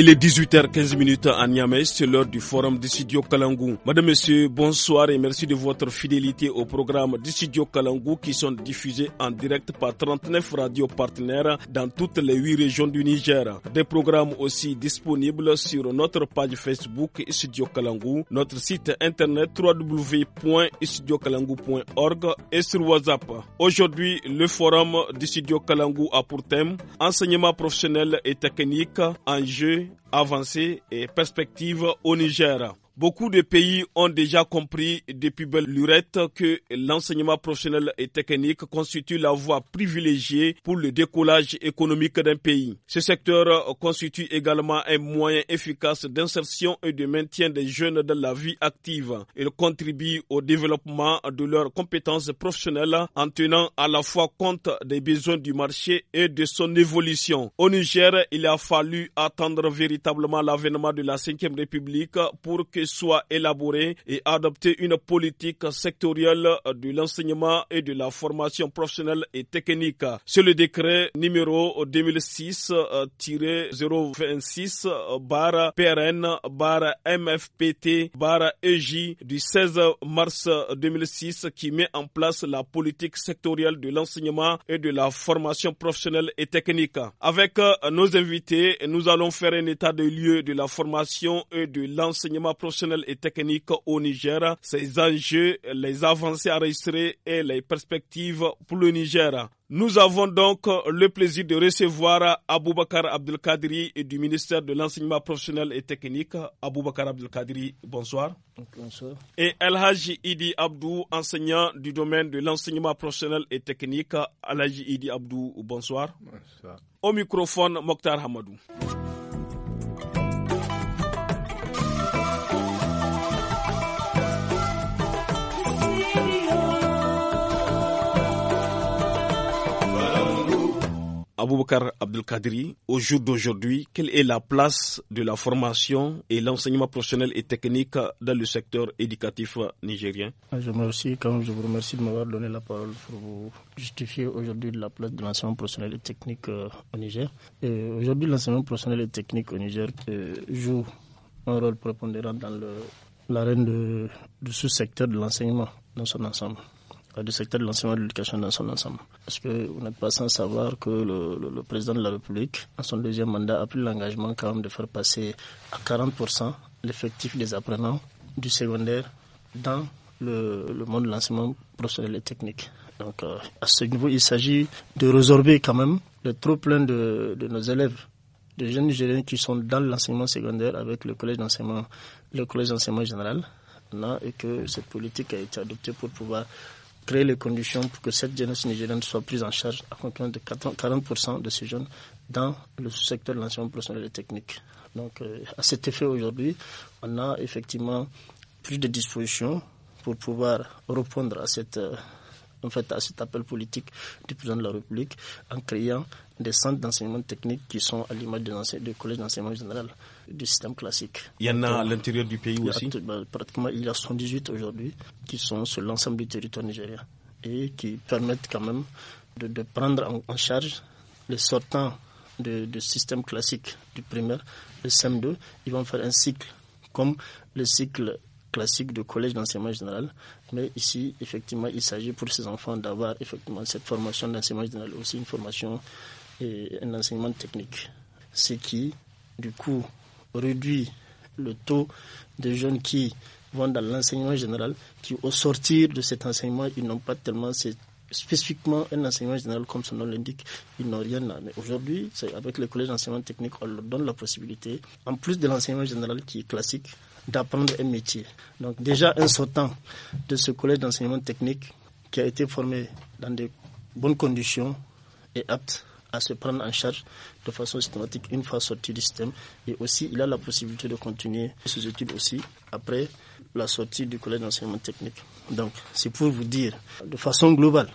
Il est 18h15 à Niamey, c'est l'heure du forum Dissidio Kalangou. Madame, Monsieur, bonsoir et merci de votre fidélité au programme Dissidio Kalangou qui sont diffusés en direct par 39 radios partenaires dans toutes les 8 régions du Niger. Des programmes aussi disponibles sur notre page Facebook Studio Kalangou, notre site internet www.studiokalangu.org et sur WhatsApp. Aujourd'hui, le forum Dissidio Kalangou a pour thème enseignement professionnel et technique, en jeu » avancées et perspectives au Niger. Beaucoup de pays ont déjà compris depuis belle lurette que l'enseignement professionnel et technique constitue la voie privilégiée pour le décollage économique d'un pays. Ce secteur constitue également un moyen efficace d'insertion et de maintien des jeunes dans la vie active. Il contribue au développement de leurs compétences professionnelles en tenant à la fois compte des besoins du marché et de son évolution. Au Niger, il a fallu attendre véritablement l'avènement de la 5 République pour que soit élaboré et adopter une politique sectorielle de l'enseignement et de la formation professionnelle et technique. C'est le décret numéro 2006-026 PRN MFPT EJ du 16 mars 2006 qui met en place la politique sectorielle de l'enseignement et de la formation professionnelle et technique. Avec euh, nos invités, nous allons faire un état de lieux de la formation et de l'enseignement professionnel professionnel et technique au Niger, ses enjeux, les avancées enregistrées et les perspectives pour le Niger. Nous avons donc le plaisir de recevoir Aboubakar Abdelkadri du ministère de l'Enseignement professionnel et technique. Aboubakar Abdelkadri, bonsoir. Bonsoir. Et Elhaji Idi Abdou, enseignant du domaine de l'enseignement professionnel et technique. Elhaji Idi Abdou, bonsoir. Bonsoir. Au microphone, Mokhtar Hamadou. Aboubakar Abdelkadri, au jour d'aujourd'hui, quelle est la place de la formation et l'enseignement professionnel et technique dans le secteur éducatif nigérien ah, Je vous remercie, je vous remercie de m'avoir donné la parole pour vous justifier aujourd'hui la place de l'enseignement professionnel et technique euh, au Niger. Aujourd'hui, l'enseignement professionnel et technique au Niger euh, joue un rôle prépondérant dans l'arène de ce secteur de l'enseignement dans son ensemble du secteur de l'enseignement de l'éducation dans son ensemble. Parce que vous n'êtes pas sans savoir que le, président de la République, à son deuxième mandat, a pris l'engagement quand même de faire passer à 40% l'effectif des apprenants du secondaire dans le, monde de l'enseignement professionnel et technique. Donc euh, à ce niveau, il s'agit de résorber quand même le trop plein de, nos élèves, de jeunes Nigériens qui sont dans l'enseignement secondaire avec le collège d'enseignement, le collège d'enseignement général, et que cette politique a été adoptée pour pouvoir créer les conditions pour que cette jeunesse nigérienne soit prise en charge à compter de 40% de ces jeunes dans le secteur de l'enseignement professionnel et technique. Donc, euh, à cet effet, aujourd'hui, on a effectivement plus de dispositions pour pouvoir répondre à cette. Euh, en fait, à cet appel politique du président de la République en créant des centres d'enseignement technique qui sont à l'image des collèges d'enseignement général du système classique. Il y en a à l'intérieur du pays aussi bah, Pratiquement, il y a 78 aujourd'hui qui sont sur l'ensemble du territoire nigérien et qui permettent quand même de, prendre en, charge les sortants de, système classique du primaire, le SEM2. Ils vont faire un cycle comme le cycle classique de collège d'enseignement général. Mais ici, effectivement, il s'agit pour ces enfants d'avoir effectivement cette formation d'enseignement général, aussi une formation et un enseignement technique. Ce qui, du coup, réduit le taux de jeunes qui vont dans l'enseignement général, qui au sortir de cet enseignement, ils n'ont pas tellement spécifiquement un enseignement général comme son nom l'indique, ils n'ont rien là. Mais aujourd'hui, avec le collège d'enseignement technique, on leur donne la possibilité, en plus de l'enseignement général qui est classique, d'apprendre un métier. Donc déjà un sortant de ce collège d'enseignement technique qui a été formé dans de bonnes conditions et aptes, à se prendre en charge de façon systématique une fois sorti du système. Et aussi, il a la possibilité de continuer ses études aussi après la sortie du collège d'enseignement technique. Donc, c'est pour vous dire, de façon globale,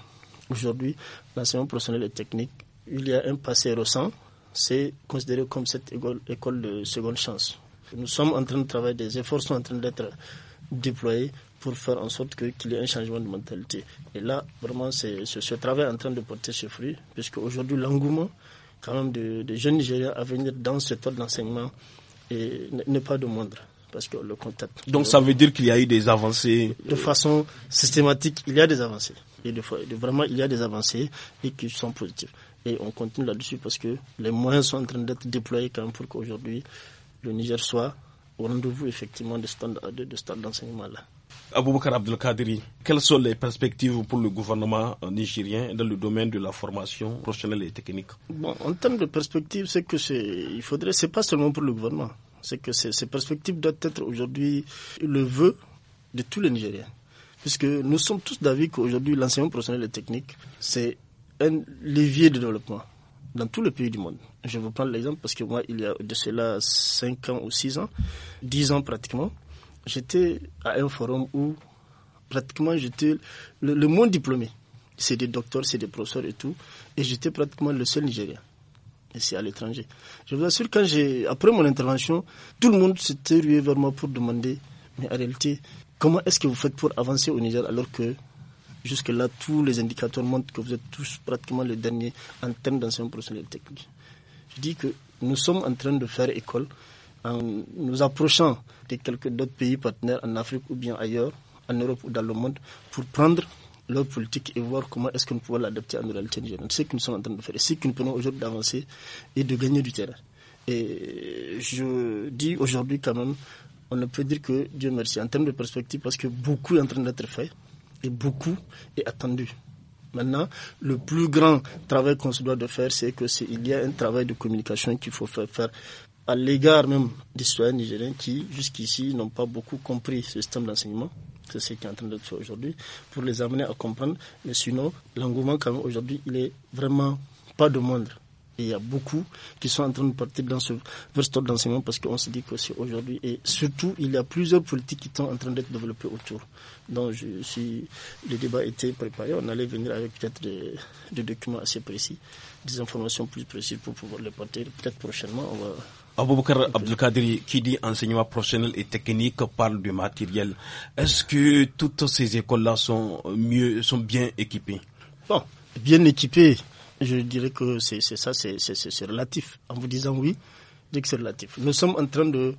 aujourd'hui, l'enseignement professionnel et technique, il y a un passé récent, c'est considéré comme cette école, école de seconde chance. Nous sommes en train de travailler, des efforts sont en train d'être déployés pour faire en sorte qu'il y ait un changement de mentalité. Et là, vraiment, c'est ce travail en train de porter ses fruits, puisque aujourd'hui, l'engouement quand même des de jeunes Nigériens à venir dans ce type d'enseignement n'est pas de moindre parce que le contact. Donc ça veut dire qu'il y a eu des avancées euh, De façon systématique, il y a des avancées. Et de, vraiment, il y a des avancées et qui sont positives. Et on continue là-dessus parce que les moyens sont en train d'être déployés quand même pour qu'aujourd'hui, le Niger soit au rendez-vous effectivement de ce de, d'enseignement-là. Aboubakar Abdelkadri, quelles sont les perspectives pour le gouvernement nigérien dans le domaine de la formation professionnelle et technique En termes de perspectives, c'est que il faudrait, c'est pas seulement pour le gouvernement, c'est que ces, ces perspectives doivent être aujourd'hui le vœu de tous les Nigériens. Puisque nous sommes tous d'avis qu'aujourd'hui, l'enseignement professionnel et technique, c'est un levier de développement dans tous les pays du monde. Je vous prends l'exemple parce que moi, il y a de cela 5 ans ou 6 ans, 10 ans pratiquement, j'étais à un forum où pratiquement j'étais le, moins monde diplômé. C'est des docteurs, c'est des professeurs et tout. Et j'étais pratiquement le seul Nigérien. Et c'est à l'étranger. Je vous assure, quand après mon intervention, tout le monde s'était rué vers moi pour demander, mais en réalité, comment est-ce que vous faites pour avancer au Niger alors que jusque-là, tous les indicateurs montrent que vous êtes tous pratiquement les derniers en termes d'enseignement professionnel technique. Je dis que nous sommes en train de faire école, en nous approchant de quelques d'autres pays partenaires en Afrique ou bien ailleurs, en Europe ou dans le monde, pour prendre leur politique et voir comment est-ce qu'on peut l'adapter à nos réalités C'est ce que nous sommes en train de faire. C'est ce que nous prenons aujourd'hui d'avancer et de gagner du terrain. Et je dis aujourd'hui quand même, on ne peut dire que Dieu merci en termes de perspective parce que beaucoup est en train d'être fait et beaucoup est attendu. Maintenant, le plus grand travail qu'on se doit de faire, c'est que y a un travail de communication qu'il faut faire, faire à l'égard même des citoyens nigériens qui, jusqu'ici, n'ont pas beaucoup compris ce système d'enseignement. C'est ce qui est en train d'être fait aujourd'hui, pour les amener à comprendre. Mais sinon, l'engouement, quand a aujourd'hui, il est vraiment pas de moindre. Et il y a beaucoup qui sont en train de partir dans ce, vers d'enseignement parce qu'on se dit que c'est aujourd'hui. Et surtout, il y a plusieurs politiques qui sont en train d'être développées autour. Donc, si le débat était préparé, on allait venir avec peut-être des, des documents assez précis, des informations plus précises pour pouvoir les porter. Peut-être prochainement, on va Aboubakar Abdelkadri, qui dit enseignement professionnel et technique, parle du matériel. Est-ce que toutes ces écoles-là sont mieux, sont bien équipées Bon, bien équipées, je dirais que c'est ça, c'est relatif. En vous disant oui, je dis que c'est relatif. Nous sommes en train de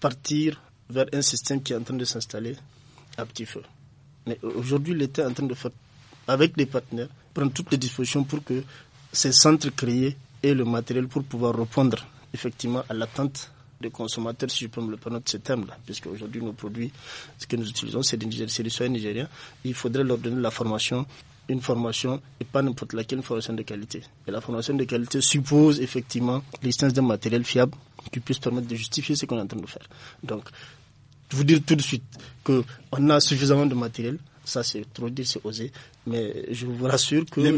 partir vers un système qui est en train de s'installer à petit feu. Mais aujourd'hui, l'État est en train de faire, avec les partenaires, prendre toutes les dispositions pour que ces centres créés aient le matériel pour pouvoir répondre effectivement à l'attente des consommateurs, si je peux me le permettre, ce terme-là, puisque aujourd'hui nos produits, ce que nous utilisons, c'est du soin nigérien. Il faudrait leur donner la formation, une formation, et pas n'importe laquelle, une formation de qualité. Et la formation de qualité suppose effectivement l'existence d'un matériel fiable qui puisse permettre de justifier ce qu'on est en train de faire. Donc, vous dire tout de suite qu'on a suffisamment de matériel, ça, c'est trop dire, c'est osé. Mais je vous rassure que. Le,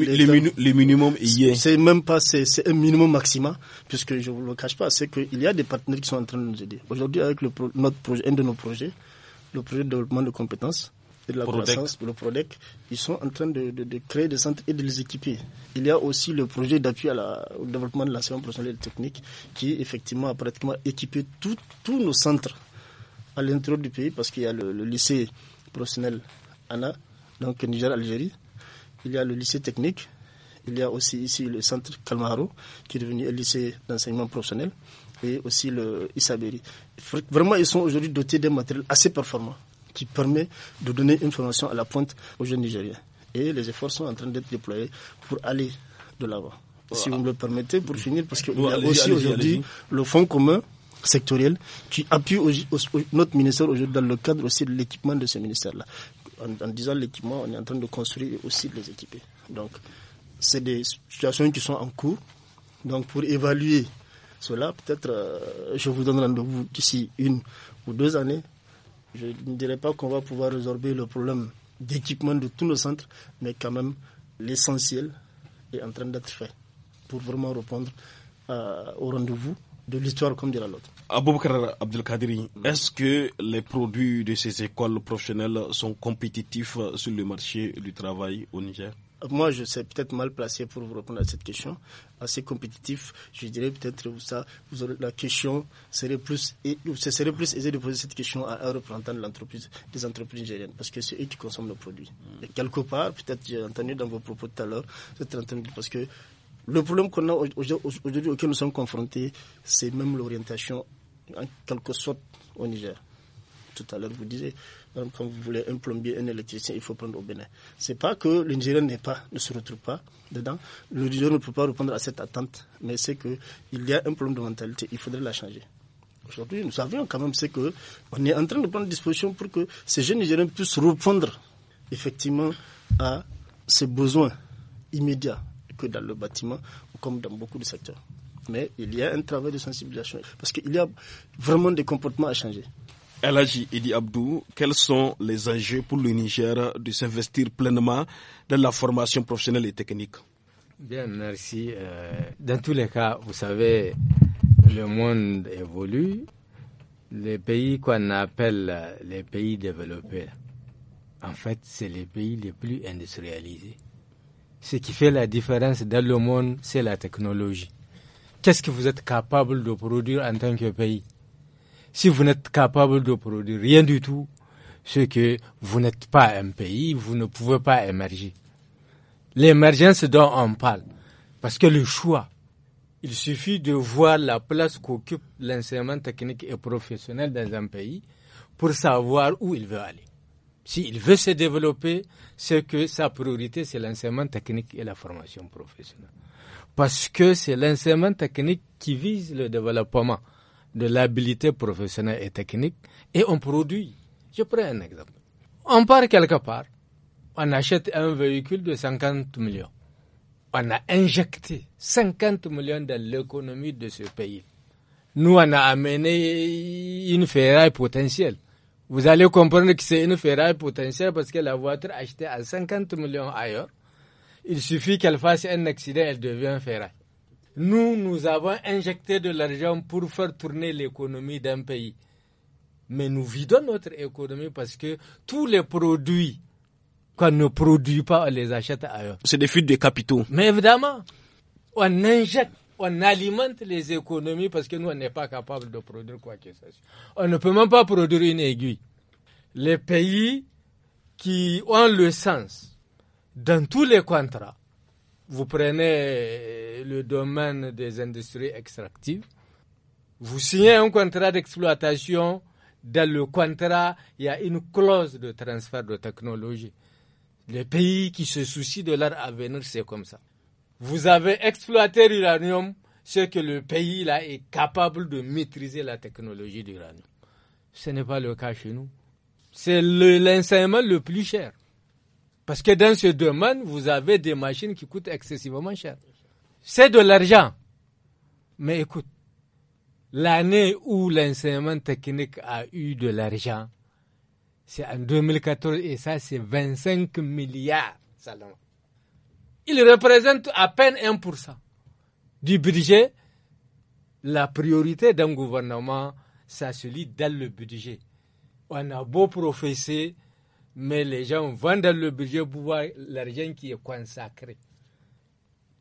les minimums, y est. C'est même pas, c'est un minimum maximum, puisque je ne vous le cache pas, c'est qu'il y a des partenaires qui sont en train de nous aider. Aujourd'hui, avec le, notre projet, un de nos projets, le projet de développement de compétences, et de la croissance, le PRODEC, ils sont en train de, créer des centres et de les équiper. Il y a aussi le projet d'appui au développement de l'enseignement professionnel et technique qui, effectivement, a pratiquement équipé tous nos centres à l'intérieur du pays parce qu'il y a le lycée professionnel ANA, donc Niger-Algérie. Il y a le lycée technique. Il y a aussi ici le centre Kalmaharo, qui est devenu un lycée d'enseignement professionnel, et aussi le Isaberi. Vraiment, ils sont aujourd'hui dotés d'un matériel assez performant qui permet de donner une formation à la pointe aux jeunes Nigériens. Et les efforts sont en train d'être déployés pour aller de l'avant. Si vous me le permettez, pour finir, parce qu'il y a aussi aujourd'hui le fonds commun sectoriel qui appuie notre ministère aujourd'hui dans le cadre aussi de l'équipement de ce ministère-là en, disant l'équipement, on est en train de construire et aussi de les équiper. Donc, c'est des situations qui sont en cours. Donc, pour évaluer cela, peut-être euh, je vous donne rendez-vous d'ici une ou deux années. Je ne dirais pas qu'on va pouvoir résorber le problème d'équipement de tous nos centres, mais quand même, l'essentiel est en train d'être fait pour vraiment répondre euh, au rendez-vous de l'histoire, comme dira l'autre. Aboubakar est-ce que les produits de ces écoles professionnelles sont compétitifs sur le marché du travail au Niger moi, je sais peut-être mal placé pour vous répondre à cette question. Assez compétitif, je dirais peut-être ça. Vous aurez, la question serait plus, ce serait plus aisé de poser cette question à un représentant de l'entreprise, des entreprises nigériennes, parce que c'est eux qui consomment nos produits. quelque part, peut-être j'ai entendu dans vos propos tout à l'heure, parce que le problème qu'on a aujourd'hui, auquel nous sommes confrontés, c'est même l'orientation, en quelque sorte, au Niger. Tout à l'heure, vous disiez, hein, quand vous voulez un plombier, un électricien, il faut prendre au Bénin. n'est pas que le Nigerien ne se retrouve pas dedans. Le Nigerien ne peut pas répondre à cette attente, mais c'est qu'il y a un problème de mentalité. Il faudrait la changer aujourd'hui, nous savions quand même, c'est que est en train de prendre disposition pour que ces jeunes Nigériens puissent répondre effectivement à ces besoins immédiats que dans le bâtiment ou comme dans beaucoup de secteurs. Mais il y a un travail de sensibilisation parce qu'il y a vraiment des comportements à changer. il dit Abdou, quels sont les enjeux pour le Niger de s'investir pleinement dans la formation professionnelle et technique Bien, merci. Euh, dans tous les cas, vous savez, le monde évolue. Les pays qu'on appelle les pays développés, en fait, c'est les pays les plus industrialisés. Ce qui fait la différence dans le monde, c'est la technologie. Qu'est-ce que vous êtes capable de produire en tant que pays Si vous n'êtes capable de produire rien du tout, ce que vous n'êtes pas un pays, vous ne pouvez pas émerger. L'émergence dont on parle, parce que le choix, il suffit de voir la place qu'occupe l'enseignement technique et professionnel dans un pays pour savoir où il veut aller. S'il veut se développer, c'est que sa priorité, c'est l'enseignement technique et la formation professionnelle. Parce que c'est l'enseignement technique qui vise le développement de l'habilité professionnelle et technique et on produit. Je prends un exemple. On part quelque part, on achète un véhicule de 50 millions. On a injecté 50 millions dans l'économie de ce pays. Nous, on a amené une ferraille potentielle. Vous allez comprendre que c'est une ferraille potentielle parce que la voiture achetée à 50 millions ailleurs, il suffit qu'elle fasse un accident, elle devient ferraille. Nous, nous avons injecté de l'argent pour faire tourner l'économie d'un pays. Mais nous vidons notre économie parce que tous les produits qu'on ne produit pas, on les achète ailleurs. C'est des fuites de capitaux. Mais évidemment, on injecte on alimente les économies parce que nous, on n'est pas capable de produire quoi que ce soit. On ne peut même pas produire une aiguille. Les pays qui ont le sens dans tous les contrats, vous prenez euh, le domaine des industries extractives, vous signez un contrat d'exploitation, dans le contrat, il y a une clause de transfert de technologie. Les pays qui se soucient de leur avenir, c'est comme ça vous avez exploité l'uranium, ce que le pays là est capable de maîtriser la technologie d'uranium. Ce n'est pas le cas chez nous. C'est l'enseignement le, plus cher. Parce que dans ce domaine, vous avez des machines qui coûtent excessivement cher. C'est de l'argent. Mais écoute, l'année où l'enseignement technique a eu de l'argent, c'est en 2014 et ça, c'est 25 milliards il représente à peine 1% du budget. La priorité d'un gouvernement, ça se lit dans le budget. On a beau professer, mais les gens vont dans le budget pour voir l'argent qui est consacré.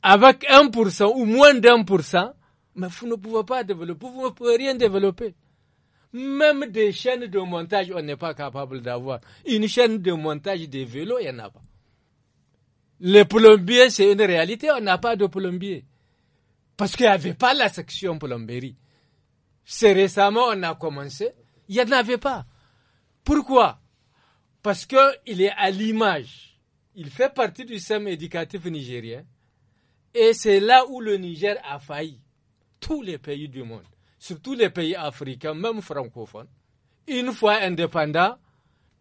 Avec 1% ou moins d'un pour mais vous ne pouvez pas développer, vous ne pouvez rien développer. Même des chaînes de montage, on n'est pas capable d'avoir. Une chaîne de montage des vélos, il n'y en a pas. Les plombiers, c'est une réalité, on n'a pas de plombiers. Parce qu'il n'y avait pas la section plomberie. C'est récemment, on a commencé, il n'y en avait pas. Pourquoi Parce qu'il est à l'image. Il fait partie du système éducatif nigérien. Et c'est là où le Niger a failli. Tous les pays du monde, surtout les pays africains, même francophones, une fois indépendants,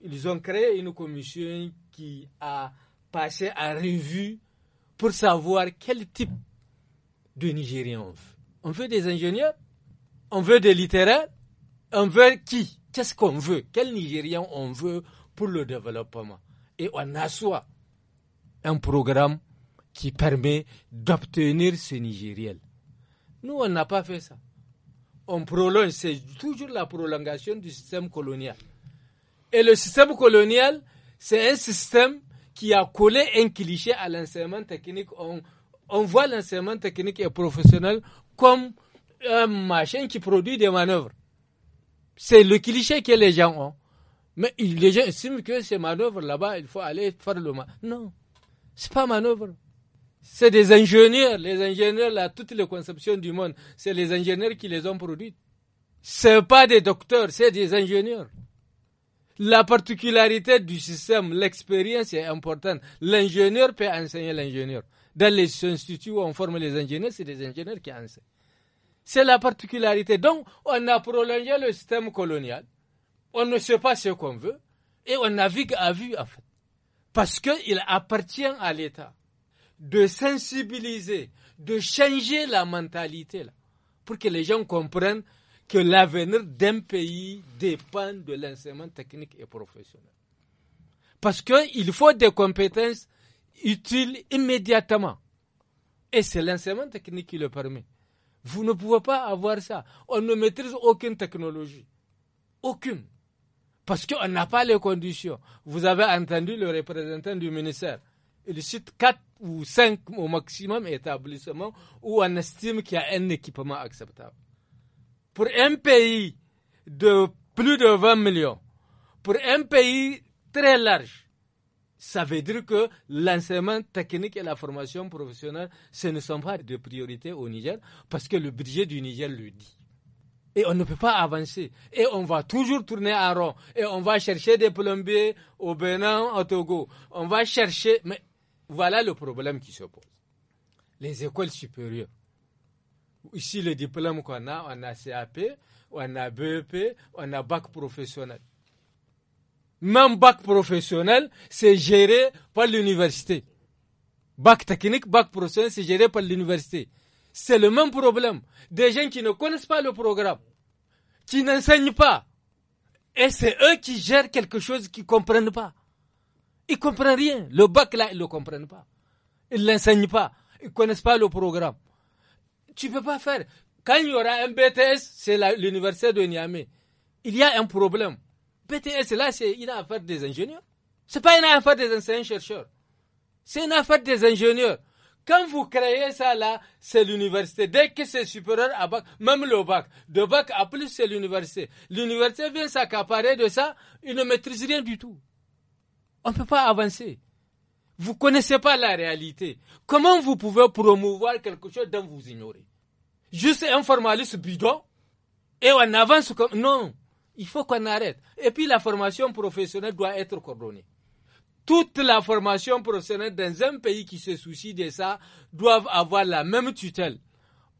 ils ont créé une commission qui a passer à revue pour savoir quel type de Nigérien on veut. On veut des ingénieurs, on veut des littéraires, on veut qui Qu'est-ce qu'on veut Quel Nigérien on veut pour le développement Et on assoit un programme qui permet d'obtenir ce Nigérien. Nous, on n'a pas fait ça. On prolonge, c'est toujours la prolongation du système colonial. Et le système colonial, c'est un système qui a collé un cliché à l'enseignement technique. On, voit l'enseignement technique et professionnel comme un machin qui produit des manœuvres. C'est le cliché que les gens ont. Mais les gens estiment que ces manœuvres là-bas, il faut aller faire le manœuvre. Non, ce n'est pas manœuvre. C'est des ingénieurs. Les ingénieurs, là, toutes les conceptions du monde, c'est les ingénieurs qui les ont produites. Ce pas des docteurs, c'est des ingénieurs. La particularité du système, l'expérience est importante. L'ingénieur peut enseigner l'ingénieur. Dans les instituts où on forme les ingénieurs, c'est des ingénieurs qui enseignent. C'est la particularité. Donc, on a prolongé le système colonial. On ne sait pas ce qu'on veut. Et on navigue à vue, en fait. Parce qu'il appartient à l'État de sensibiliser, de changer la mentalité, là, pour que les gens comprennent que l'avenir d'un pays dépend de l'enseignement technique et professionnel. Parce qu'il faut des compétences utiles immédiatement. Et c'est l'enseignement technique qui le permet. Vous ne pouvez pas avoir ça. On ne maîtrise aucune technologie. Aucune. Parce qu'on n'a pas les conditions. Vous avez entendu le représentant du ministère. Il cite quatre ou cinq au maximum établissements où on estime qu'il y a un équipement acceptable pour un pays de plus de 20 millions, pour un pays très large, ça veut dire que l'enseignement technique et la formation professionnelle, ce ne sont pas des priorités au Niger, parce que le budget du Niger le dit. Et on ne peut pas avancer. Et on va toujours tourner à rond. Et on va chercher des plombiers au Bénin, au Togo. On va chercher. Mais voilà le problème qui se pose. Les écoles supérieures. Ici, le diplôme qu'on a, on a CAP, on a BEP, on a bac professionnel. Même bac professionnel, c'est géré par l'université. Bac technique, bac professionnel, c'est géré par l'université. C'est le même problème. Des gens qui ne connaissent pas le programme, qui n'enseignent pas. Et c'est eux qui gèrent quelque chose qu'ils ne comprennent pas. Ils ne comprennent rien. Le bac, là, ils ne le comprennent pas. Ils ne l'enseignent pas. Ils ne connaissent pas le programme tu ne peux pas faire. Quand il y aura un BTS, c'est l'université de Niamey. Il y a un problème. BTS, là, c'est une affaire des ingénieurs. Ce n'est pas une affaire des enseignants-chercheurs. C'est une affaire des ingénieurs. Quand vous créez ça là, c'est l'université. Dès que c'est supérieur à bac, même le bac, de bac à plus, c'est l'université. L'université vient s'accaparer de ça, il ne maîtrise rien du tout. On ne peut pas avancer. Vous ne connaissez pas la réalité. Comment vous pouvez promouvoir quelque chose dont vous ignorez Juste un formaliste bidon et on avance comme... Non, il faut qu'on arrête. Et puis la formation professionnelle doit être coordonnée. Toute la formation professionnelle dans un pays qui se soucie de ça doit avoir la même tutelle.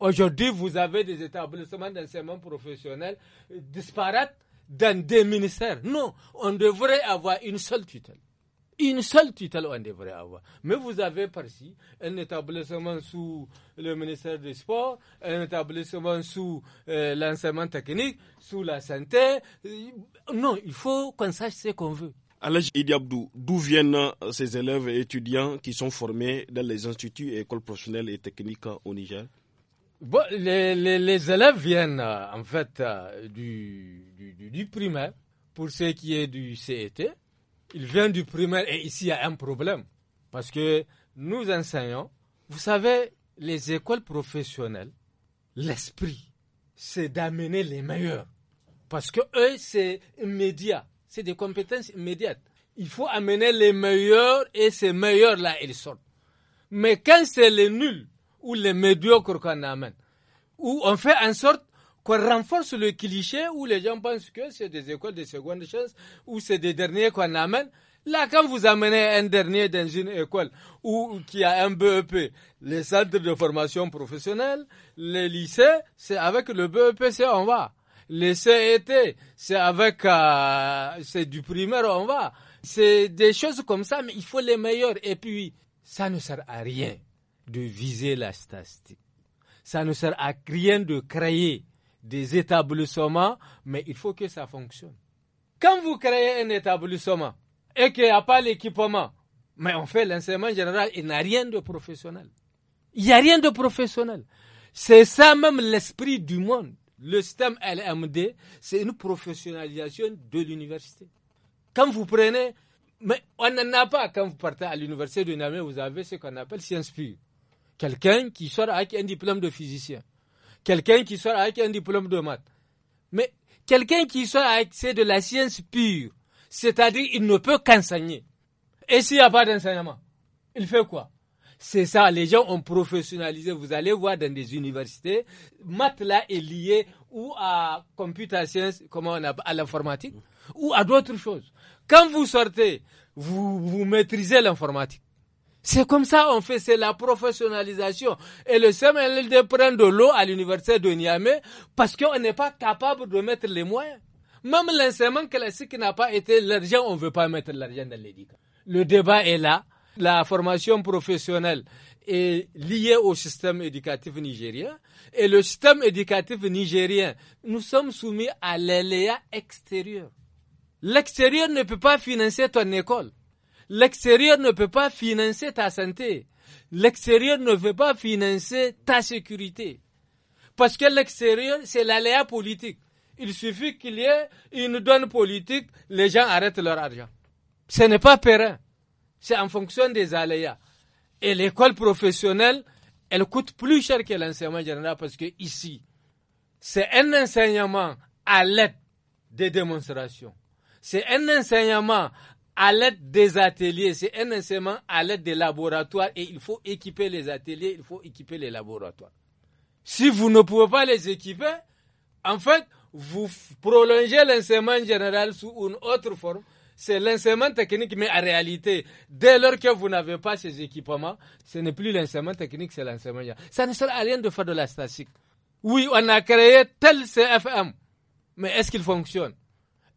Aujourd'hui, vous avez des établissements d'enseignement professionnel disparates dans des ministères. Non, on devrait avoir une seule tutelle une seule tutelle on devrait avoir. Mais vous avez par-ci un établissement sous le ministère des Sports, un établissement sous euh, l'enseignement technique, sous la santé. Euh, non, il faut qu'on sache ce qu'on veut. Alège Idiabdou, d'où viennent euh, ces élèves et étudiants qui sont formés dans les instituts et écoles professionnelles et techniques au Niger les, élèves viennent en fait du, du, du primaire pour ce qui est du CET, il vient du primaire et ici il y a un problème. Parce que nous enseignons, vous savez, les écoles professionnelles, l'esprit, c'est d'amener les meilleurs. Parce que eux, c'est immédiat. C'est des compétences immédiates. Il faut amener les meilleurs et ces meilleurs-là, ils sortent. Mais quand c'est les nuls ou les médiocres qu'on amène, où on fait en sorte qu'on renforce le cliché où les gens pensent que c'est des écoles de seconde chance ou c'est des derniers qu'on amène. Là, quand vous amenez un dernier dans une école ou qui a un BEP, les centres de formation professionnelle, les lycées, c'est avec le BEP, c'est on va. Les CET, c'est avec, euh, c'est du primaire, on va. C'est des choses comme ça, mais il faut les meilleurs. Et puis, ça ne sert à rien de viser la statistique. Ça ne sert à rien de créer des établissements, mais il faut que ça fonctionne. Quand vous créez un établissement et qu'il n'y a pas l'équipement, mais on fait l'enseignement général, il n'y a rien de professionnel. Il n'y a rien de professionnel. C'est ça même l'esprit du monde. Le système LMD, c'est une professionnalisation de l'université. Quand vous prenez, mais on n'en a pas quand vous partez à l'université de Namé, vous avez ce qu'on appelle science Pure. Quelqu'un qui sort avec un diplôme de physicien. Quelqu'un qui sort avec un diplôme de maths. Mais quelqu'un qui sort avec, c'est de la science pure. C'est-à-dire, il ne peut qu'enseigner. Et s'il n'y a pas d'enseignement, il fait quoi C'est ça, les gens ont professionnalisé. Vous allez voir dans des universités, maths là est lié ou à computer science, comment on a à l'informatique, ou à d'autres choses. Quand vous sortez, vous, vous maîtrisez l'informatique. C'est comme ça on fait, c'est la professionnalisation. Et le CMLD prend de l'eau à l'université de Niamey parce qu'on n'est pas capable de mettre les moyens. Même l'enseignement classique n'a pas été l'argent, on ne veut pas mettre l'argent dans l'éducation. Le débat est là. La formation professionnelle est liée au système éducatif nigérien. Et le système éducatif nigérien, nous sommes soumis à l'aléa e extérieur. L'extérieur ne peut pas financer ton école. L'extérieur ne peut pas financer ta santé. L'extérieur ne veut pas financer ta sécurité. Parce que l'extérieur, c'est l'aléa politique. Il suffit qu'il y ait une donne politique, les gens arrêtent leur argent. Ce n'est pas périn. C'est en fonction des aléas. Et l'école professionnelle, elle coûte plus cher que l'enseignement général parce que ici, c'est un enseignement à l'aide des démonstrations. C'est un enseignement à l'aide des ateliers. C'est un enseignement à l'aide des laboratoires et il faut équiper les ateliers, il faut équiper les laboratoires. Si vous ne pouvez pas les équiper, en fait, vous prolongez l'enseignement général sous une autre forme. C'est l'enseignement technique, mais en réalité, dès lors que vous n'avez pas ces équipements, ce n'est plus l'enseignement technique, c'est l'enseignement général. Ça ne sert à rien de faire de la statistique. Oui, on a créé tel CFM, mais est-ce qu'il fonctionne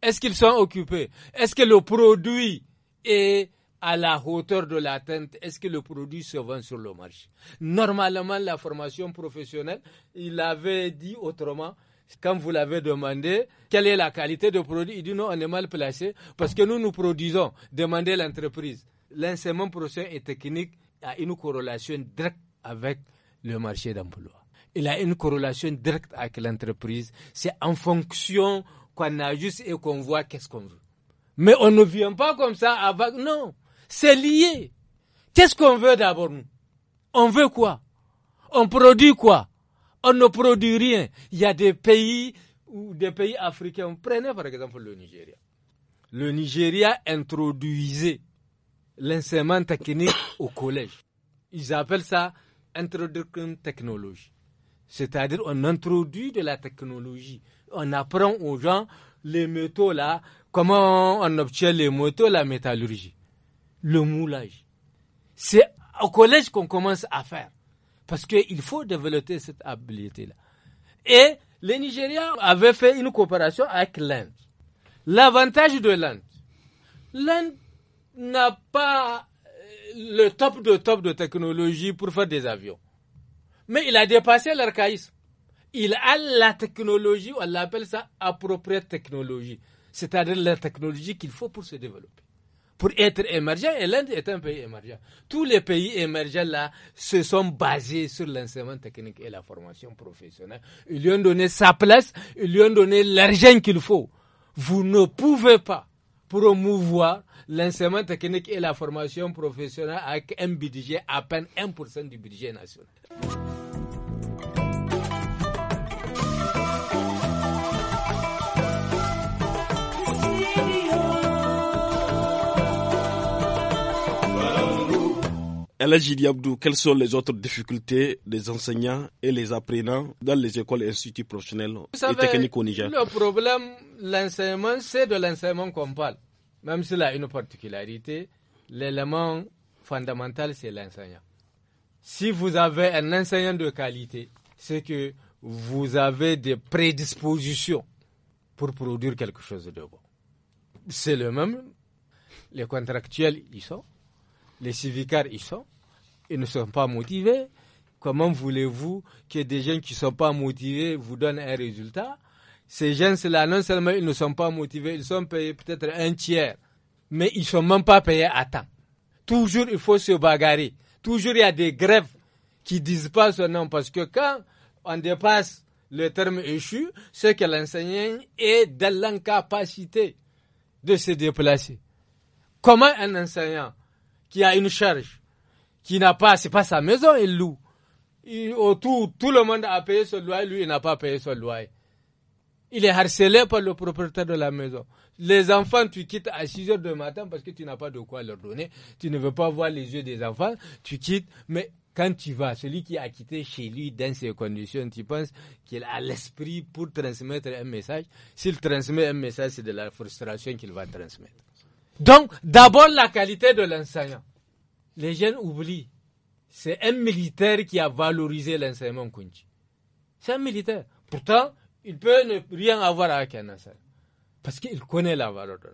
est-ce qu'ils sont occupés Est-ce que le produit est à la hauteur de l'attente Est-ce que le produit se vend sur le marché Normalement, la formation professionnelle, il avait dit autrement. Quand vous l'avez demandé, quelle est la qualité de produit Il dit non, on est mal placé parce que nous, nous produisons. Demandez l'entreprise. L'enseignement professionnel et technique a une corrélation directe avec le marché d'emploi il a une corrélation directe avec l'entreprise. C'est en fonction qu'on ajuste juste et qu'on voit qu'est-ce qu'on veut. Mais on ne vient pas comme ça avec... Non, c'est lié. Qu'est-ce qu'on veut d'abord nous On veut quoi On produit quoi On ne produit rien. Il y a des pays ou des pays africains. Prenez par exemple le Nigeria. Le Nigeria introduisait l'enseignement technique au collège. Ils appellent ça introduction technologie. C'est-à-dire on introduit de la technologie on apprend aux gens les métaux là, comment on obtient les métaux, la métallurgie, le moulage. C'est au collège qu'on commence à faire. Parce qu'il faut développer cette habileté là Et les Nigériens avaient fait une coopération avec l'Inde. L'avantage de l'Inde, l'Inde n'a pas euh, le top de top de technologie pour faire des avions. Mais il a dépassé l'archaïsme il a la technologie, on l'appelle ça appropriée technologie, c'est-à-dire la technologie qu'il faut pour se développer. Pour être émergent, et l'Inde est un pays émergent. Tous les pays émergents là se sont basés sur l'enseignement technique et la formation professionnelle. Ils lui ont donné sa place, ils lui ont donné l'argent qu'il faut. Vous ne pouvez pas promouvoir l'enseignement technique et la formation professionnelle avec un budget à peine 1% du budget national. Elagili Abdou, quelles sont les autres difficultés des enseignants et les apprenants dans les écoles et instituts professionnels et techniques au Nigeria? Le problème, l'enseignement, c'est de l'enseignement qu'on parle. Même s'il a une particularité, l'élément fondamental, c'est l'enseignant. Si vous avez un enseignant de qualité, c'est que vous avez des prédispositions pour produire quelque chose de bon. C'est le même. Les contractuels, ils sont. Les civicards, ils sont. Ils ne sont pas motivés. Comment voulez-vous que des gens qui ne sont pas motivés vous donnent un résultat Ces gens-là, non seulement ils ne sont pas motivés, ils sont payés peut-être un tiers, mais ils ne sont même pas payés à temps. Toujours, il faut se bagarrer. Toujours, il y a des grèves qui ne disent pas ce nom parce que quand on dépasse le terme échu, c'est que l'enseignant est dans l'incapacité de se déplacer. Comment un enseignant qui a une charge, qui n'a pas, c'est pas sa maison, il loue. tout le monde a payé son loyer, lui, il n'a pas payé son loyer. Il est harcelé par le propriétaire de la maison. Les enfants, tu quittes à 6 heures du matin parce que tu n'as pas de quoi leur donner. Tu ne veux pas voir les yeux des enfants. Tu quittes. Mais quand tu vas, celui qui a quitté chez lui dans ces conditions, tu penses qu'il a l'esprit pour transmettre un message. S'il transmet un message, c'est de la frustration qu'il va transmettre. Donc, d'abord, la qualité de l'enseignant. Les jeunes oublient. C'est un militaire qui a valorisé l'enseignement Kunchi. C'est un militaire. Pourtant, il peut ne rien avoir avec un enseignant. Parce qu'il connaît la valeur de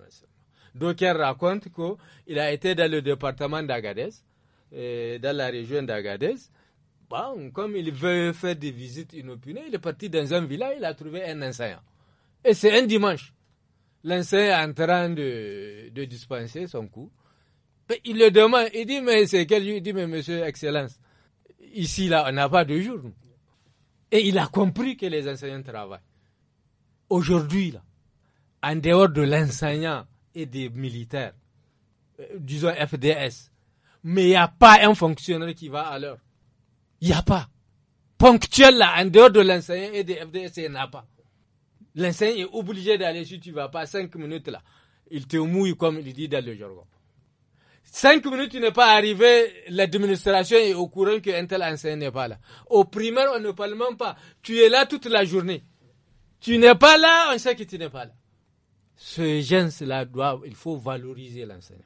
l'enseignement. il raconte qu'il a été dans le département d'Agadez, euh, dans la région d'Agadez. comme il veut faire des visites inopinées, il est parti dans un village, il a trouvé un enseignant. Et c'est un dimanche l'enseignant est en train de, dispenser son cours. Il le demande, il dit, mais c'est quel jour Il dit, mais monsieur, excellence, ici, là, on n'a pas de jour. Et il a compris que les enseignants travaillent. Aujourd'hui, là, en dehors de l'enseignant et des militaires, euh, disons FDS, mais il n'y a pas un fonctionnaire qui va à l'heure. Il n'y a pas. Ponctuel, là, en dehors de l'enseignant et des FDS, il n'y en a pas. L'enseignant est obligé d'aller si tu ne vas pas. Cinq minutes là, il te mouille comme il dit dans le jargon. Cinq minutes, tu n'es pas arrivé, l'administration est au courant qu'un tel enseignant n'est pas là. Au primaire, on ne parle même pas. Tu es là toute la journée. Tu n'es pas là, on sait que tu n'es pas là. Ce genre, là il faut valoriser l'enseignement.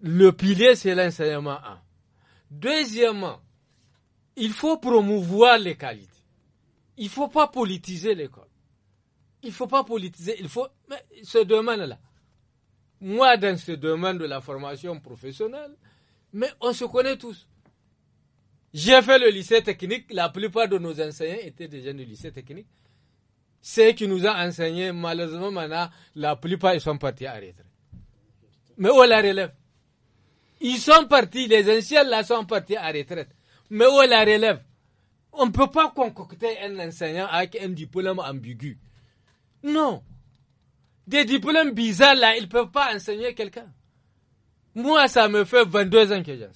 Le pilier, c'est l'enseignement 1. Deuxièmement, il faut promouvoir les qualités. Il ne faut pas politiser l'école il ne faut pas politiser, il faut. Mais ce domaine-là. Moi, dans ce domaine de la formation professionnelle, mais on se connaît tous. J'ai fait le lycée technique, la plupart de nos enseignants étaient des jeunes du lycée technique. Ceux qui nous ont enseigné, malheureusement, maintenant, la plupart, ils sont partis à retraite. Mais où est la relève Ils sont partis, les anciens là sont partis à retraite. Mais où est la relève On ne peut pas concocter un enseignant avec un diplôme ambigu. Non. Des diplômes bizarres, là, ils ne peuvent pas enseigner quelqu'un. Moi, ça me fait 22 ans que j'enseigne.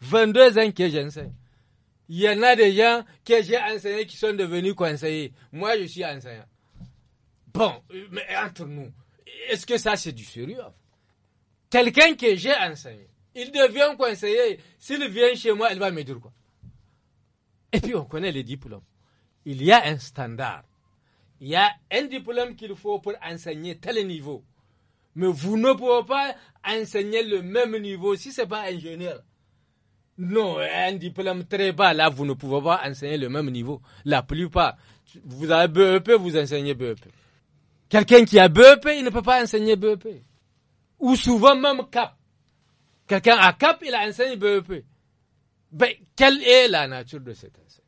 22 ans que j'enseigne. Il y en a des gens que j'ai enseignés qui sont devenus conseillers. Moi, je suis enseignant. Bon, mais entre nous, est-ce que ça, c'est du sérieux Quelqu'un que j'ai enseigné, il devient conseiller. S'il vient chez moi, il va me dire quoi Et puis, on connaît les diplômes. Il y a un standard. Il y a un diplôme qu'il faut pour enseigner tel niveau. Mais vous ne pouvez pas enseigner le même niveau si ce n'est pas ingénieur. Non, un diplôme très bas, là, vous ne pouvez pas enseigner le même niveau. La plupart. Vous avez BEP, vous enseignez BEP. Quelqu'un qui a BEP, il ne peut pas enseigner BEP. Ou souvent même CAP. Quelqu'un a CAP, il enseigne e BEP. Mais quelle est la nature de cet enseignement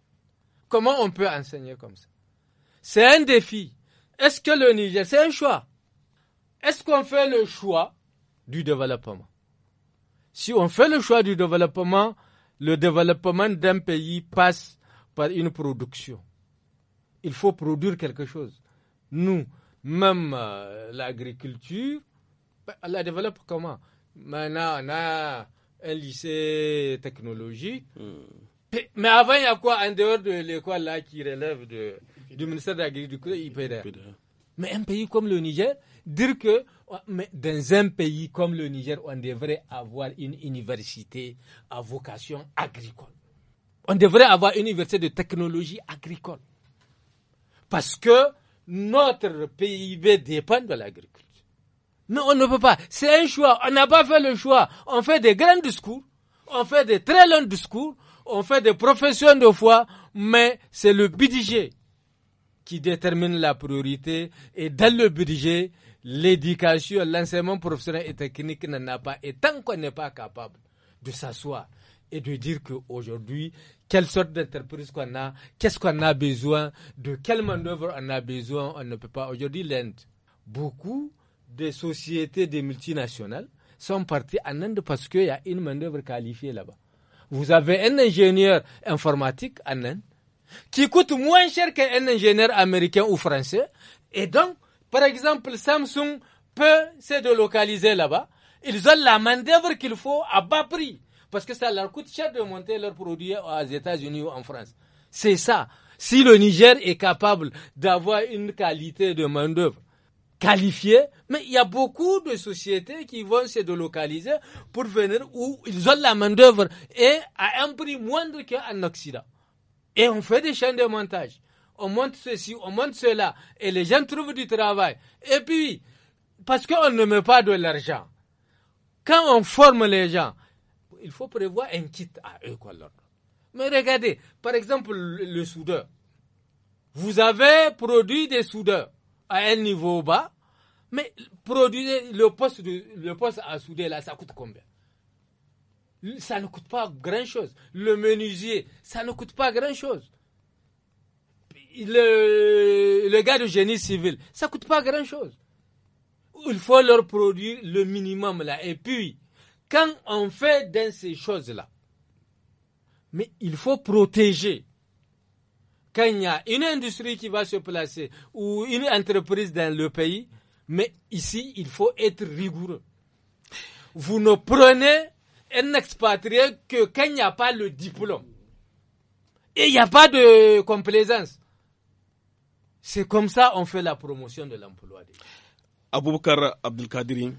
Comment on peut enseigner comme ça c'est un défi. Est-ce que le Niger, c'est un choix Est-ce qu'on fait le choix du développement Si on fait le choix du développement, le développement d'un pays passe par une production. Il faut produire quelque chose. Nous, même euh, l'agriculture, bah, elle la développe comment Maintenant, on a un lycée technologique. Hmm. Mais avant, il y a quoi en dehors de l'école là qui relève de du ministère de l'Agriculture IPDR. Mais un pays comme le Niger, dire que dans un pays comme le Niger, on devrait avoir une université à vocation agricole. On devrait avoir une université de technologie agricole. Parce que notre PIB dépend de l'agriculture. Non, on ne peut pas. C'est un choix. On n'a pas fait le choix. On fait des grands discours. On fait des très longs discours. On fait des professions de foi. Mais c'est le budget qui détermine la priorité et dans le budget, l'éducation, l'enseignement professionnel et technique n'en a pas. Et tant qu'on n'est pas capable de s'asseoir et de dire qu'aujourd'hui, quelle sorte d'entreprise qu'on a, qu'est-ce qu'on a besoin, de quelle manœuvre on a besoin, on ne peut pas. Aujourd'hui, l'Inde, beaucoup de sociétés des multinationales sont parties en Inde parce qu'il y a une manœuvre qualifiée là-bas. Vous avez un ingénieur informatique en Inde qui coûte moins cher qu'un ingénieur américain ou français. Et donc, par exemple, Samsung peut se délocaliser là-bas. Ils ont la main-d'œuvre qu'il faut à bas prix. Parce que ça leur coûte cher de monter leurs produits aux États-Unis ou en France. C'est ça. Si le Niger est capable d'avoir une qualité de main-d'œuvre qualifiée, mais il y a beaucoup de sociétés qui vont se délocaliser pour venir où ils ont la main-d'œuvre et à un prix moindre qu'en Occident. Et on fait des chaînes de montage. On monte ceci, on monte cela. Et les gens trouvent du travail. Et puis, parce qu'on ne met pas de l'argent, quand on forme les gens, il faut prévoir un kit à eux quoi. Mais regardez, par exemple, le soudeur. Vous avez produit des soudeurs à un niveau bas, mais produire le poste, le poste à souder là, ça coûte combien ça ne coûte pas grand-chose. Le menuisier, ça ne coûte pas grand-chose. Euh, le, gars de génie civil, ça ne coûte pas grand-chose. Il faut leur produire le minimum là. Et puis, quand on fait dans ces choses-là, mais il faut protéger. Quand il y a une industrie qui va se placer ou une entreprise dans le pays, mais ici, il faut être rigoureux. Vous ne prenez un expatrié que quand il n'y a pas le diplôme et il n'y a pas de complaisance, c'est comme ça qu'on fait la promotion de l'emploi. Aboubakar Abdelkadiri,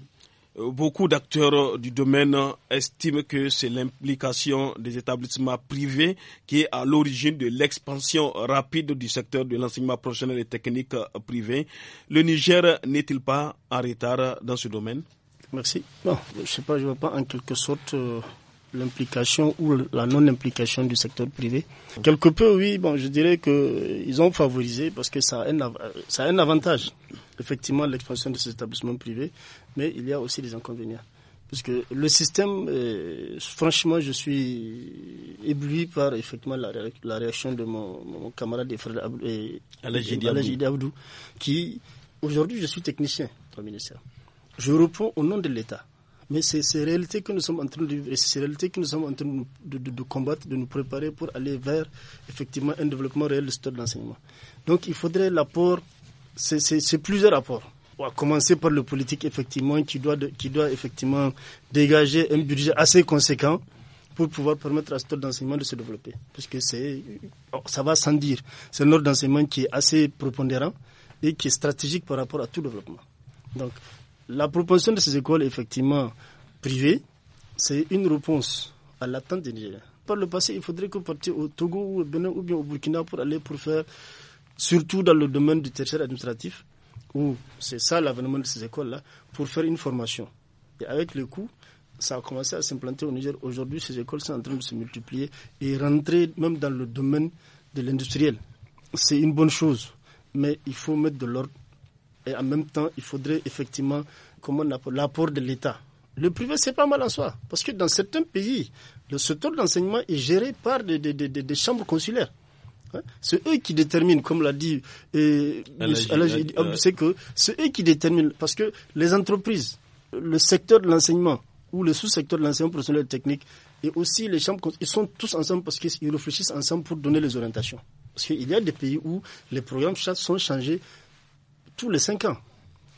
euh, beaucoup d'acteurs du domaine estiment que c'est l'implication des établissements privés qui est à l'origine de l'expansion rapide du secteur de l'enseignement professionnel et technique privé. Le Niger n'est-il pas en retard dans ce domaine Merci. je sais pas, je vois pas en quelque sorte euh, l'implication ou la non-implication du secteur privé. Quelque peu, oui, bon, je dirais que euh, ils ont favorisé parce que ça a un, ça a un avantage, effectivement, l'expansion de ces établissements privés, mais il y a aussi des inconvénients. Parce que le système, euh, franchement, je suis ébloui par effectivement la, la réaction de mon, camarade et frère Abdou, et, qui, aujourd'hui, je suis technicien au ministère. Je reprends au nom de l'État. Mais c'est ces réalités que nous sommes en train de vivre et ces réalités que nous sommes en train de, combattre, de nous préparer pour aller vers effectivement un développement réel du ce de d'enseignement. Donc il faudrait l'apport, c'est plusieurs apports. va commencer par le politique effectivement qui doit, effectivement dégager un budget assez conséquent pour pouvoir permettre à ce d'enseignement de se développer. Parce que c'est, oh, ça va sans dire, c'est un ordre d'enseignement qui est assez prépondérant et qui est stratégique par rapport à tout développement. Donc, la proposition de ces écoles, effectivement, privées, c'est une réponse à l'attente des Nigériens. Par le passé, il faudrait que partir au Togo ou au Bénin ou bien au Burkina pour aller pour faire, surtout dans le domaine du tertiaire administratif, où c'est ça l'avènement de ces écoles-là, pour faire une formation. Et avec le coup, ça a commencé à s'implanter au Niger. Aujourd'hui, ces écoles sont en train de se multiplier et rentrer même dans le domaine de l'industriel. C'est une bonne chose, mais il faut mettre de l'ordre et en même temps, il faudrait effectivement comment l'apport de l'État. Le privé, c'est pas mal en soi, parce que dans certains pays, le secteur de l'enseignement est géré par des, des, des, des chambres consulaires. Hein? C'est eux qui déterminent, comme l'a dit euh, euh, c'est que c'est eux qui déterminent, parce que les entreprises, le secteur de l'enseignement ou le sous-secteur de l'enseignement professionnel technique et aussi les chambres, ils sont tous ensemble parce qu'ils réfléchissent ensemble pour donner les orientations. Parce qu'il y a des pays où les programmes sont changés tous les cinq ans.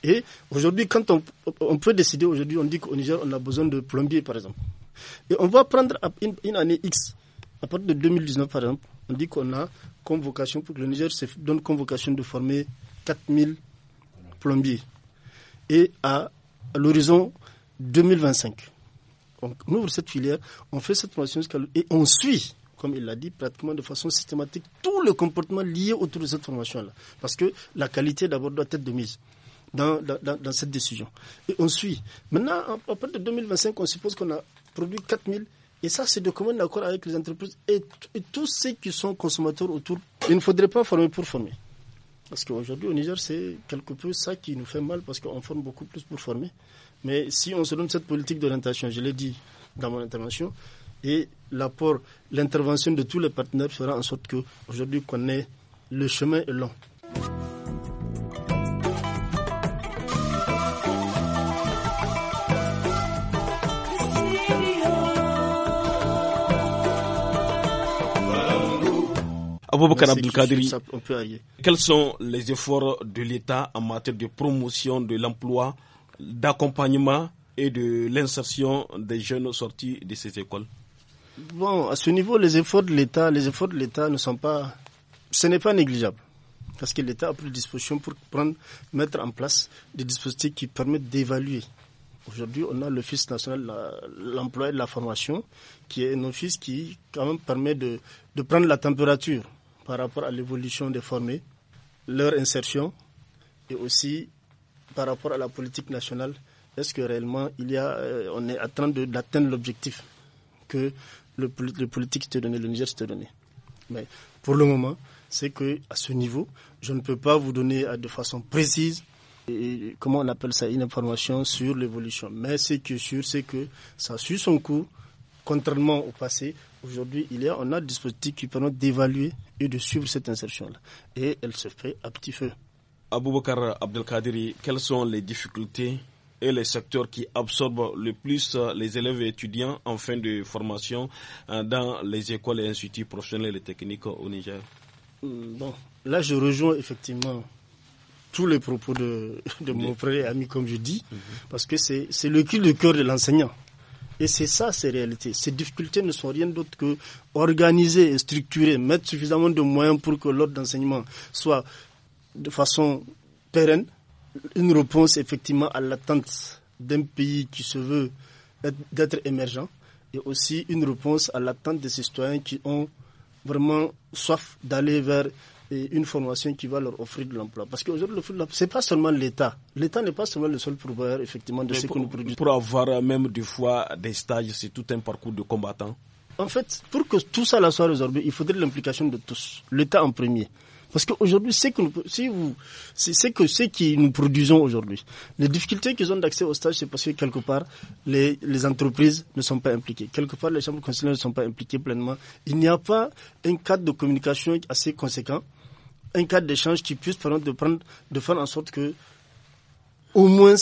Et aujourd'hui, quand on, peut décider, aujourd'hui, on dit qu'au Niger, on a besoin de plombiers, par exemple. Et on va prendre une, année X, à partir de 2019, par exemple, on dit qu'on a convocation, pour que le Niger se donne convocation de former 4000 plombiers. Et à, à l'horizon 2025, on ouvre cette filière, on fait cette formation et on suit comme il l'a dit, pratiquement de façon systématique tout le comportement lié autour de cette formation-là. Parce que la qualité d'abord doit être de mise. Dans, dans, cette décision. Et on suit. Maintenant, à, partir de 2025, on suppose qu'on a produit 4000. Et ça, c'est de commun accord avec les entreprises et, et, tous ceux qui sont consommateurs autour. Il ne faudrait pas former pour former. Parce qu'aujourd'hui, au Niger, c'est quelque peu ça qui nous fait mal parce qu'on forme beaucoup plus pour former. Mais si on se donne cette politique d'orientation, je l'ai dit dans mon intervention, et l'apport, l'intervention de tous les partenaires fera en sorte qu'aujourd'hui, qu'on ait le chemin est long. quels sont les efforts de l'État en matière de promotion de l'emploi, d'accompagnement et de l'insertion des jeunes sortis de ces écoles Bon, à ce niveau, les efforts de l'État, les efforts de l'État ne sont pas, ce n'est pas négligeable. Parce que l'État a pris dispositions pour prendre, mettre en place des dispositifs qui permettent d'évaluer. Aujourd'hui, on a l'Office national de l'emploi et de la formation, qui est un office qui, quand même, permet de, prendre la température par rapport à l'évolution des formés, leur insertion et aussi par rapport à la politique nationale. Est-ce que réellement il y a, euh, on est en train d'atteindre l'objectif que le, politique te donné, le Niger te donné. Mais pour le moment, c'est que à ce niveau, je ne peux pas vous donner de façon précise comment on appelle ça, une information sur l'évolution. Mais ce qui est sûr, c'est que ça suit son cours, contrairement au passé. Aujourd'hui, il y a, on a dispositif dispositifs qui permet d'évaluer et de suivre cette insertion-là. Et elle se fait à petit feu. Bakar Abdelkadiri, quelles sont les difficultés est le secteur qui absorbe le plus euh, les élèves et étudiants en fin de formation euh, dans les écoles et instituts professionnels et techniques au Niger hmm, Bon, là je rejoins effectivement tous les propos de, mon frère et ami, comme je dis, mhm. parce que c'est le cul, de cœur de l'enseignant. Et c'est ça, ces réalités. Ces difficultés ne sont rien d'autre que organiser et structurer, mettre suffisamment de moyens pour que l'ordre d'enseignement soit de façon pérenne, une réponse effectivement à l'attente d'un pays qui se veut d'être émergent et aussi une réponse à l'attente des citoyens qui ont vraiment soif d'aller vers eh, une formation qui va leur offrir de l'emploi. Parce qu'aujourd'hui, ce n'est pas seulement l'État. L'État n'est pas seulement le seul pourvoyeur, effectivement, de ce que nous produisons. Pour avoir même des des stages, c'est tout un parcours de combattant. En fait, pour que tout ça soit résorbé, il faudrait l'implication de tous. L'État en premier. Parce qu'aujourd'hui, c'est que, si vous, c'est que qui nous produisons aujourd'hui. Les difficultés qu'ils ont d'accès au stage, c'est parce que quelque part, les, entreprises ne sont pas impliquées. Quelque part, les chambres consulaires ne sont pas impliquées pleinement. Il n'y a pas un cadre de communication assez conséquent, un cadre d'échange qui puisse permettre de prendre, de faire en sorte que, au moins,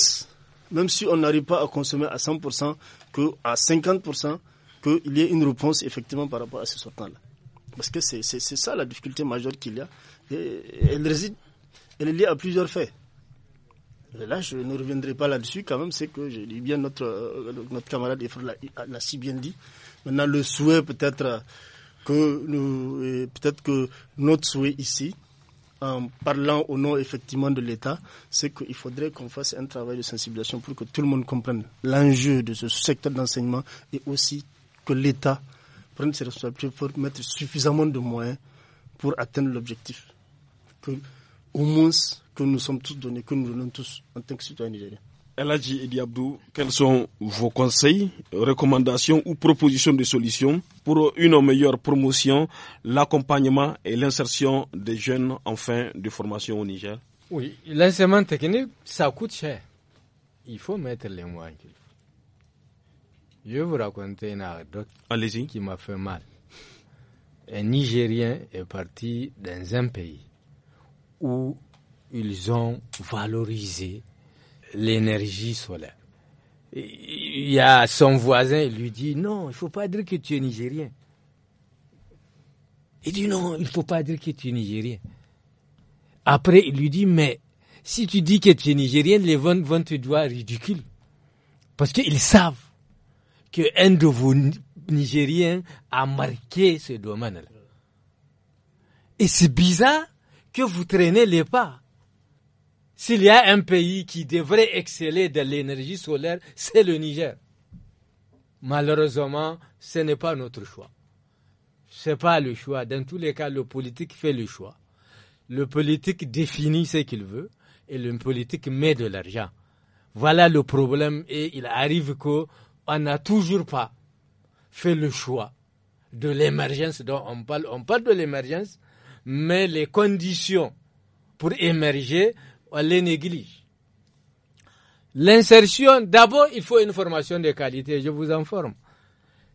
même si on n'arrive pas à consommer à 100%, que à 50%, qu'il y ait une réponse effectivement par rapport à ce sortant-là. Parce que c'est ça la difficulté majeure qu'il y a elle réside, elle est liée à plusieurs faits. là, je ne reviendrai pas là-dessus quand même, c'est que je dis bien notre, euh, notre camarade l'a si bien dit. Maintenant, le souhait peut-être que nous, peut-être que notre souhait ici, en parlant au nom effectivement de l'État, c'est qu'il faudrait qu'on fasse un travail de sensibilisation pour que tout le monde comprenne l'enjeu de ce secteur d'enseignement et aussi que l'État prenne ses responsabilités pour mettre suffisamment de moyens pour atteindre l'objectif que, au moins que nous sommes tous donnés, que nous donnons tous en tant que citoyens nigériens. Eladji quels sont vos conseils, recommandations ou propositions de solutions pour une meilleure promotion, l'accompagnement et l'insertion des jeunes en fin de formation au Niger Oui, l'enseignement technique, ça coûte cher. Il faut mettre les moyens. Je vais vous raconter une anecdote qui m'a fait mal. Un Nigérien est parti dans un pays où ils ont valorisé l'énergie solaire. Il y a son voisin, il lui dit non, il ne faut pas dire que tu es nigérien. Il dit non, il ne faut pas dire que tu es nigérien. Après, il lui dit mais si tu dis que tu es nigérien, les gens vont te voir ridicule. Parce qu'ils savent qu'un de vos Nigériens a marqué ce domaine-là. Et c'est bizarre que vous traînez les pas. S'il y a un pays qui devrait exceller de l'énergie solaire, c'est le Niger. Malheureusement, ce n'est pas notre choix. Ce n'est pas le choix. Dans tous les cas, le politique fait le choix. Le politique définit ce qu'il veut et le politique met de l'argent. Voilà le problème et il arrive qu'on n'a toujours pas fait le choix de l'émergence dont on parle. On parle de l'émergence, mais les conditions pour émerger, on les néglige. L'insertion, d'abord, il faut une formation de qualité, je vous informe.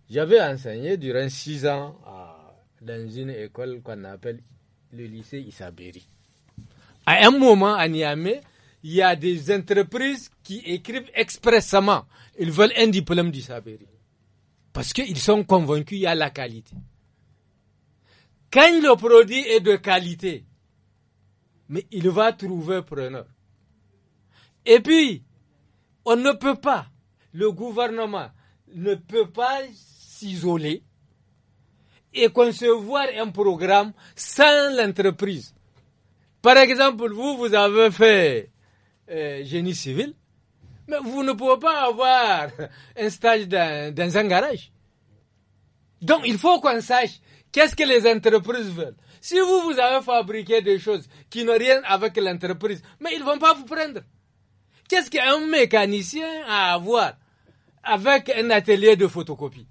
J'avais enseigné durant six ans dans une école qu'on appelle le lycée Isabéry. À un moment, à Niamey, il y a des entreprises qui écrivent expressément, ils veulent un diplôme d'Isabéry Parce qu'ils sont convaincus qu'il y a la qualité quand le produit est de qualité, mais il va trouver preneur. Et puis, on ne peut pas, le gouvernement ne peut pas s'isoler et concevoir un programme sans l'entreprise. Par exemple, vous, vous avez fait euh, génie civil, mais vous ne pouvez pas avoir un stage dans un garage. Donc, il faut qu'on sache Qu'est-ce que les entreprises veulent Si vous, vous avez fabriqué des choses qui n'ont rien avec l'entreprise, mais ils ne vont pas vous prendre. Qu'est-ce qu'un mécanicien a à voir avec un atelier de photocopie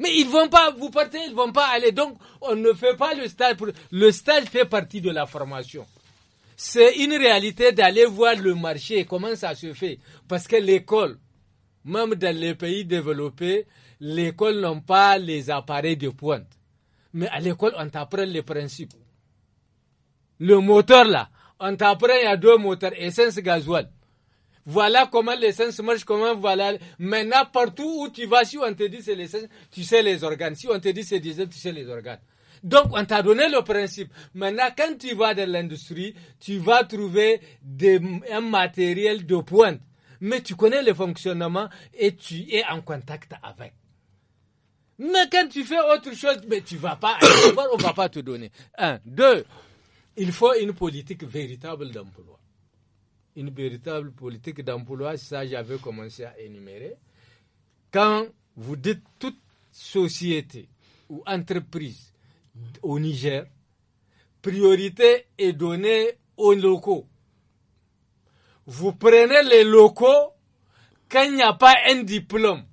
mais ils ne vont pas, vous porter, ils ne vont pas aller. Donc, on ne fait pas le stage. Pour... Le stage fait partie de la formation. C'est une réalité d'aller voir le marché, comment ça se fait. Parce que l'école, même dans les pays développés, l'école n'a pas les appareils de pointe. Mais à l'école, on t'apprend les principes. Le moteur, là, on t'apprend, il y a deux moteurs, essence gasoil. Voilà comment l'essence marche, comment voilà. Maintenant, partout où tu vas, si on te dit c'est l'essence, tu sais les organes. Si on te dit c'est diesel, tu sais les organes. Donc, on t'a donné le principe. Maintenant, quand tu vas dans l'industrie, tu vas trouver des, un matériel de pointe. Mais tu connais le fonctionnement et tu es en contact avec. Mais quand tu fais autre chose, mais tu vas pas, on va pas te donner. Un, deux, il faut une politique véritable d'emploi. Une véritable politique d'emploi, ça j'avais commencé à énumérer. Quand vous dites toute société ou entreprise au Niger, priorité est donnée aux locaux. Vous prenez les locaux quand il n'y a pas un diplôme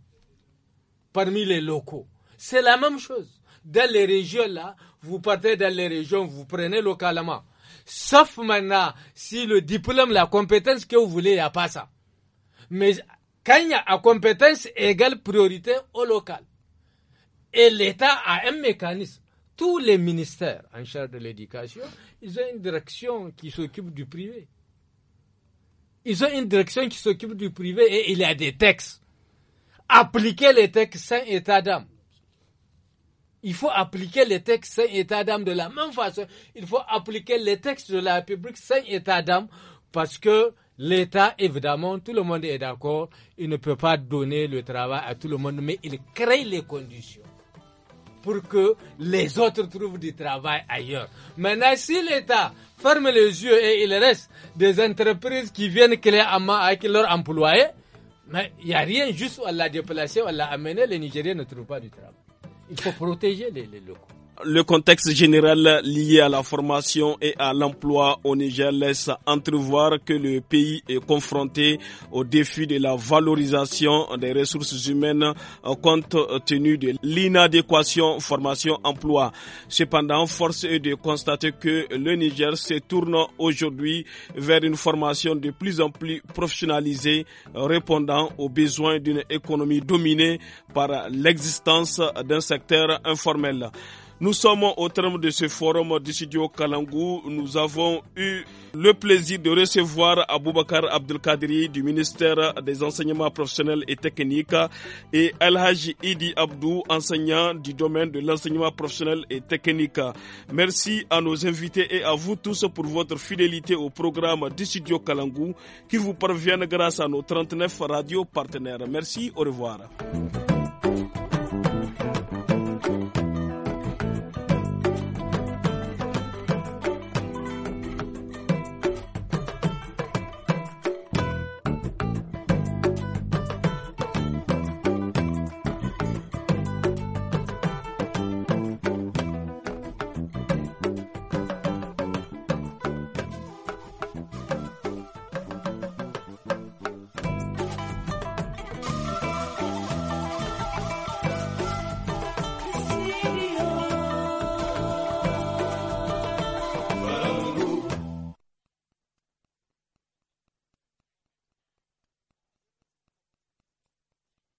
parmi les locaux. C'est la même chose. Dans les régions là, vous partez dans les régions, vous prenez localement. Sauf maintenant, si le diplôme, la compétence que vous voulez, il n'y a pas ça. Mais quand il y a la compétence égale priorité au local. Et l'État a un mécanisme. Tous les ministères en charge de l'éducation, ils ont une direction qui s'occupe du privé. Ils ont une direction qui s'occupe du privé et il y a des textes. Appliquer les textes sans état d'âme. Il faut appliquer les textes saint état d'âme de la même façon. Il faut appliquer les textes de la République saint état d'âme parce que l'État, évidemment, tout le monde est d'accord. Il ne peut pas donner le travail à tout le monde, mais il crée les conditions pour que les autres trouvent du travail ailleurs. Maintenant, si l'État ferme les yeux et il reste des entreprises qui viennent créer avec leurs employés, mais il n'y a rien juste à la déplacer, à la amener, les Nigériens ne trouvent pas du travail. Il faut protéger les, les locaux. Le contexte général lié à la formation et à l'emploi au Niger laisse entrevoir que le pays est confronté au défi de la valorisation des ressources humaines euh, compte tenu de l'inadéquation formation-emploi. Cependant, force est de constater que le Niger se tourne aujourd'hui vers une formation de plus en plus professionnalisée, euh, répondant aux besoins d'une économie dominée par l'existence d'un secteur informel. Nous sommes au terme de ce forum du studio Kalangou. Nous avons eu le plaisir de recevoir Aboubakar Abdelkadri du ministère des enseignements professionnels et techniques et Alhaji Idi Abdou, enseignant du domaine de l'enseignement professionnel et technique. Merci à nos invités et à vous tous pour votre fidélité au programme du studio Kalangou qui vous parviennent grâce à nos 39 radios partenaires. Merci, au revoir.